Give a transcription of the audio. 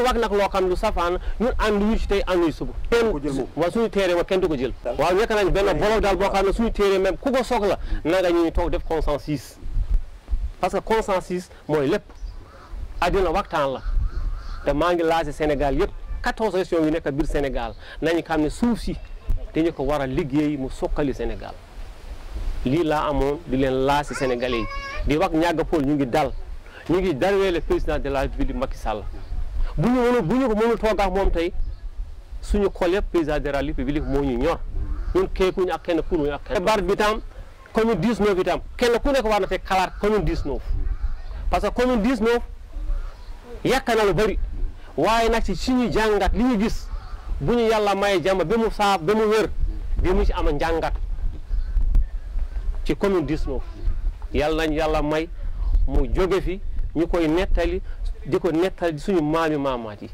ñu nag loo xam lu safaan ñun ànd ñu ci tey ànd ñu suba kenn du ko jël waaw nekk nañ benn bolof daal boo xam ne suñu téere même ku ko soxla na nga ñuy toog def consensus parce que consensus mooy lépp àddina waxtaan la te maa ngi laajte senegal yëpp quatorze régions yu nekk biir Sénégal nañu xam ne suuf si dañu ko war liggéey mu suqali senegal lii laa amoon di leen laajte senegal yi di wax ñàgg Paul ñu ngi dal ñu ngi dalwee le président de la République Macky bu ñu mënul bu ñu ko mënul toog ak moom tey suñu xol yëpp paysage rural yi public moo ñu ñor ñun keekuñu ak kenn kunuñu ak kenn bar bi tam commune 19 bi tam kenn ku nekk war na teg xalaat commune 19 parce que commune 19 yàq na lu bëri waaye nag ci suñu jàngat li ñu gis bu ñu yàlla maye jàmm ba mu saaf ba mu wér bi mu ci am njàngat ci commune 19 yàlla nañ yàlla may mu jóge fi ñu koy nettali di ko nettali suñu maami maamaat yi